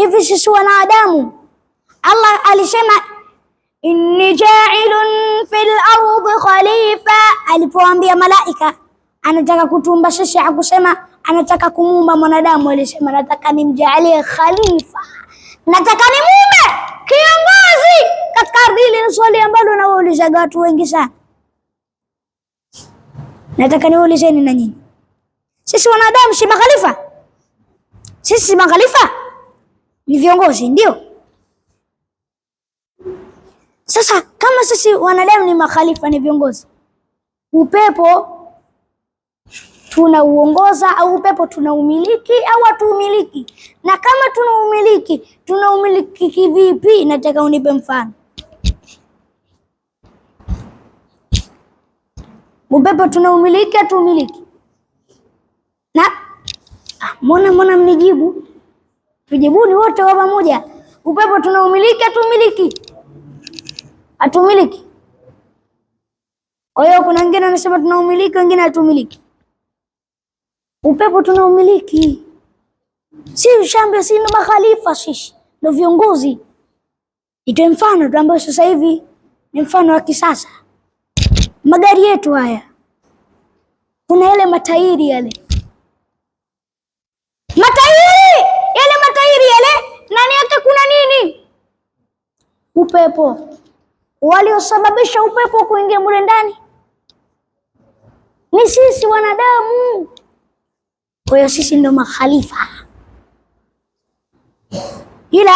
hivi sisi wanadamu, Allah alisema inni ja'ilun fil ardi khalifa, alipoambia malaika anataka kutumba sisi, hakusema anataka kumuumba mwanadamu. Alisema nataka nimjaalie khalifa, nataka nimuumbe kiongozi katika ardhi. Hili ni swali ambalo nawaulizaga watu wengi sana, nataka niwaulizeni na nyinyi, sisi wanadamu si makhalifa? Sisi si makhalifa? ni viongozi, ndio. Sasa kama sisi wanadamu ni makhalifa, ni viongozi, upepo tunauongoza au upepo tunaumiliki au hatuumiliki? Na kama tunaumiliki, tunaumiliki kivipi? Nataka unipe mfano. Upepo tunaumiliki, hatuumiliki? Na ah, mbona mbona mnijibu Tujibuni wote kwa pamoja. Upepo tunaumiliki, atumiliki, Hatumiliki. Kwa hiyo kuna wengine anasema tunaumiliki, wengine atumiliki. Upepo tunaumiliki si shambe, si ndo makhalifa sisi, ndo viongozi. Itoe mfano tu ambayo sasa hivi ni mfano wa kisasa. Magari yetu haya kuna yale matairi yale upepo. Waliosababisha upepo kuingia mule ndani ni sisi wanadamu. Kwa hiyo sisi ndio makhalifa, ila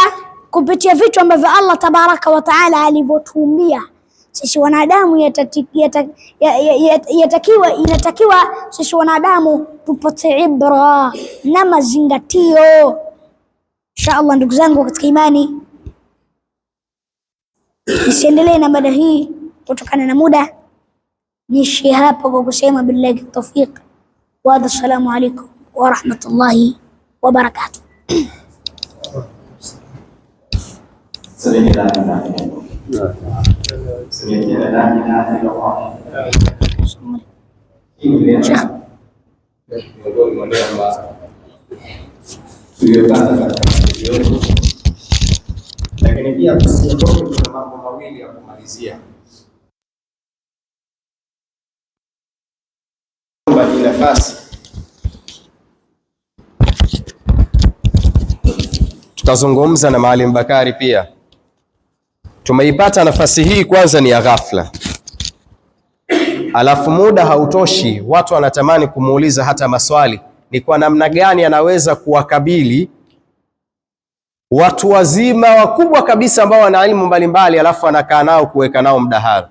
kupitia vitu ambavyo Allah tabaraka wa taala alivyotuumbia sisi wanadamu, yatakiwa inatakiwa sisi wanadamu tupate ibra na mazingatio. Insha Allah, ndugu zangu katika imani Nisiendelee na mada hii kutokana na muda, niishie hapo kwa kusema billahi tawfiq wa assalamu alaikum wa rahmatullahi wa barakatuh. Yeremia tusiondoke, kuna mambo mawili ya kumalizia nafasi tutazungumza na Maalim Bakari pia. Tumeipata nafasi hii, kwanza ni ya ghafla, alafu muda hautoshi, watu wanatamani kumuuliza hata maswali, ni kwa namna gani anaweza kuwakabili watu wazima wakubwa kabisa ambao wana elimu mbalimbali, alafu anakaa nao kuweka nao mdahalo.